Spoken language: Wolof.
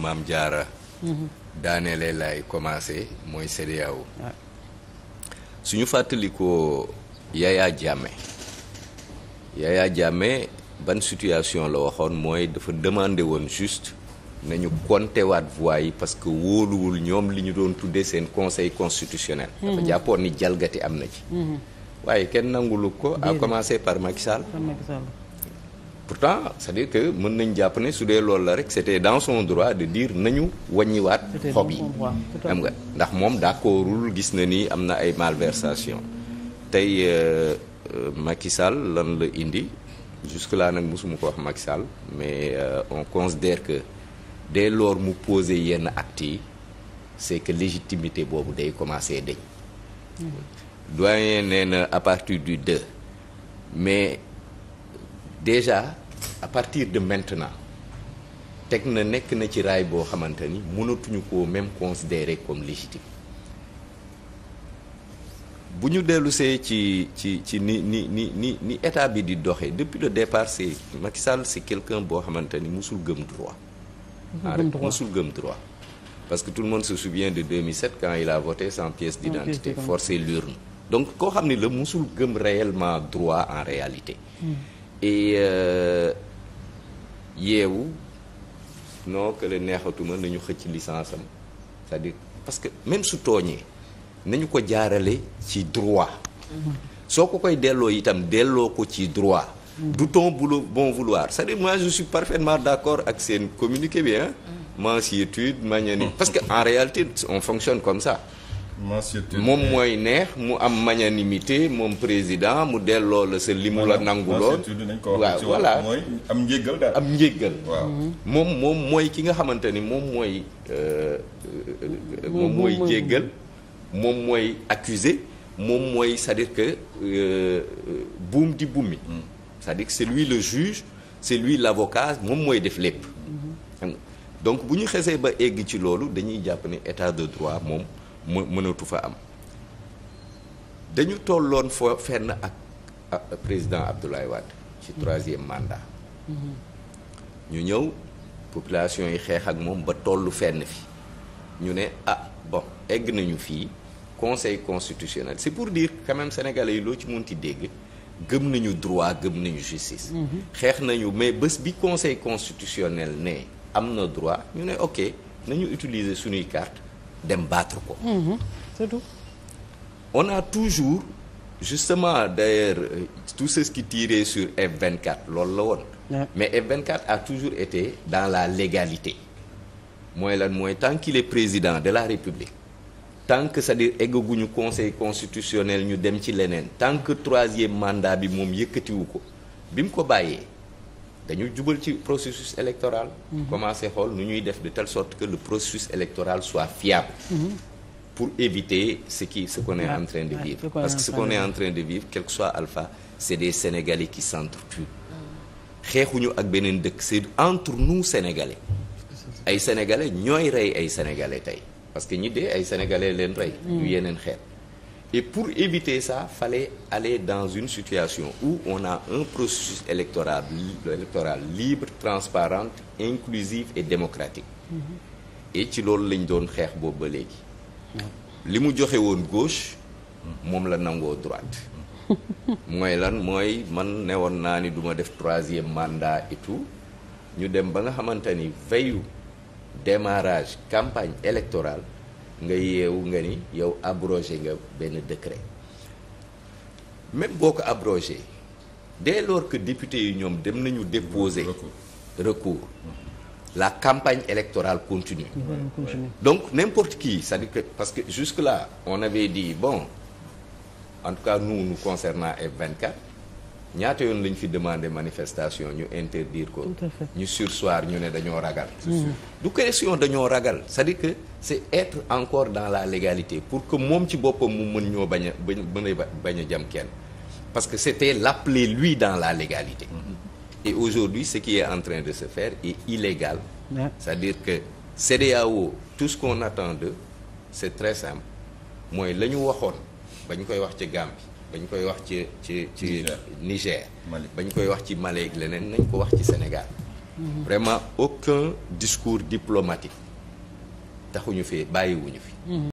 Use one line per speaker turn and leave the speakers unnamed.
maam jaara mhm. daaneele laay commencé mooy CEDEAO suñu fàttalikoo Yaya Jammeh Yaya Jammeh ban situation la waxoon mooy dafa demandé woon juste nañu compté waat voix yi parce que wóoluwul ñoom li ñu doon tuddee seen conseil constitutionnel mhm. dafa jàppoon ni jalgati am na ci mhm. waaye kenn nangulu ko ak commencer par Macky pourtant c'est-à-dire que mën nañ jàpp ne su dee loolu la rek c'était dans son droit de dire nañu wàññiwaat xob yi xam nga ndax moom d'accordul gis na ni am na ay malversation tey euh, euh, Macky Sall lan la indi jusque là nag mosuma ko wax Macky Sall mais euh, on considère que dès lors mu posé yenn actes yi c'est que légitimité boobu dey commencer dañ mm. doyen nee na à partir du 2 mais déjà à partir de maintenant teg na nekk na ci raay boo xamante ni mënatuñu koo même considérer comme légitime bu ñu dellusee ci ci ci ni ni ni ni ni état bi di doxee depuis le départ c'est Macky Sall c'est quelqu'un boo xamante ni musul gëm droit musul gëm droit parce que tout le monde se souvient de 2007 quand il a voté sans pièce d'identité forcé l'urne donc koo xam ni la musul gëm réellement droit en réalité hmm. et euh, yeewu non que le neexatuma nañu xëcc licence am c'est-à-dire parce que même su tooñee nañu ko jaarale ci droit soo ko koy delloo itam delloo ko ci droit du ton boulot bon vouloir c'est-à-dire moi je suis parfaitement d'accord ak seen communiqué bi hein mm. mansuétude magnanimité parce que en réalité on fonctionne comme ça moom mooy neex mu am magnanimité moom président mu delloo la sa limu la nanguloon waaw voilà am njéggal daal am njéggal moom moom mooy ki nga xamante ni moom mooy euh, euh, moom mooy jéggal moom mooy accusé moom mooy c'est-à-dire que euh, buum di bumi mm. c'est-à-dire que c'est le juge c'est lui l'avocat moom mooy def lépp mm-hmm. donc bu ñu xesee ba egg ci loolu dañuy jàpp ni état de droit moom mu mënatu fa am dañu tolloon fo fenn ak président Abdoulaye Wade ci troisième mandat mm-hmm. ñu ñëw population yi xeex ak moom ba tollu fenn fi ñu ne ah bon egg nañu fii conseil constitutionnel c'est pour diir quand même sénégalais yi loo ci munti dégg gëm nañu droit gëm nañu justice mm-hmm. xeex nañu mais bés bi conseil constitutionnel ne am na droit ñu ne ok nañu utiliser suñuy carte dem battre ko. Mhm. c'est tout. on a toujours justement d'ailleurs euh, tout ce qui tirait sur F24 loolu la woon. mais F24 a toujours été dans la légalité. mooy lan mooy tant qu'il président de la République. tant que c'est-à-dire eggaguñu conseil constitutionnel ñu dem ci leneen tant que troisième mandat bi moom yëkkatiwu ko bi mu ko bàyyee. dañu jubal ci processus électoral. Mhm. commencé xool nu ñuy def de telle sorte que le processus électoral soit fiable. Mhm. pour éviter ce qui ce qu'on est en train de vivre. parce que ce qu'on est en train de vivre quel que soit Alpha c'est des Sénégalais qui s'entretuent. Mhm. xeexuñu ak beneen dëkk c'est entre nous Sénégalais. ay Sénégalais ñooy rey ay Sénégalais tey parce que ñi dee ay Sénégalais leen rey. Mm. du yeneen xeet. Et pour éviter sa fale aller dans une situation où on a un processus électoral, électoral libre, transparent, inclusif et démocratique. Mm-hmm. Et ci loolu lañ doon xeex boobu ba léegi. li mu joxe woon gauche moom la nangoo droite. Mm-hmm. mooy lan mooy man ne woon naa ni du ma def troisième mandat et ñu dem ba nga xamante ni veillu démarrage campagne électoral nga yeewu nga ni yow abrogé nga benn décret même boo ko abrogé dès lors que député yi ñoom dem nañu déposer recours la campagne électorale continue donc n'importe qui cest à parce que jusque là on avait di bon en tout cas nous nous concernant F24 ñaata yoon lañ fi demandé manifestation ñu interdire ko. ñu sursoir ñu ne dañoo ragal. Mm-hmm. du question dañoo ragal c'est-à-dire que c'est être encore dans la légalité pour que moom ci boppam mu mën ñoo bañ a bañ a bañ a jam kenn parce que c'était l'appeler lui dans la légalité. Mm-hmm. et aujourd'hui ce qui est en de se faire est illégal. c'est-à-dire que CEDEAO tout ce qu'on attend d'eux c'est très simple mooy la ñu waxoon ba ñu koy wax ci Gambie. bañ koy wax ci ci ci Niger bañ koy wax ci Mali leneen nañ ko wax ci Sénégal mhm. vraiment aucun discours diplomatique taxuñu fi bàyyiwuñu fi mhm.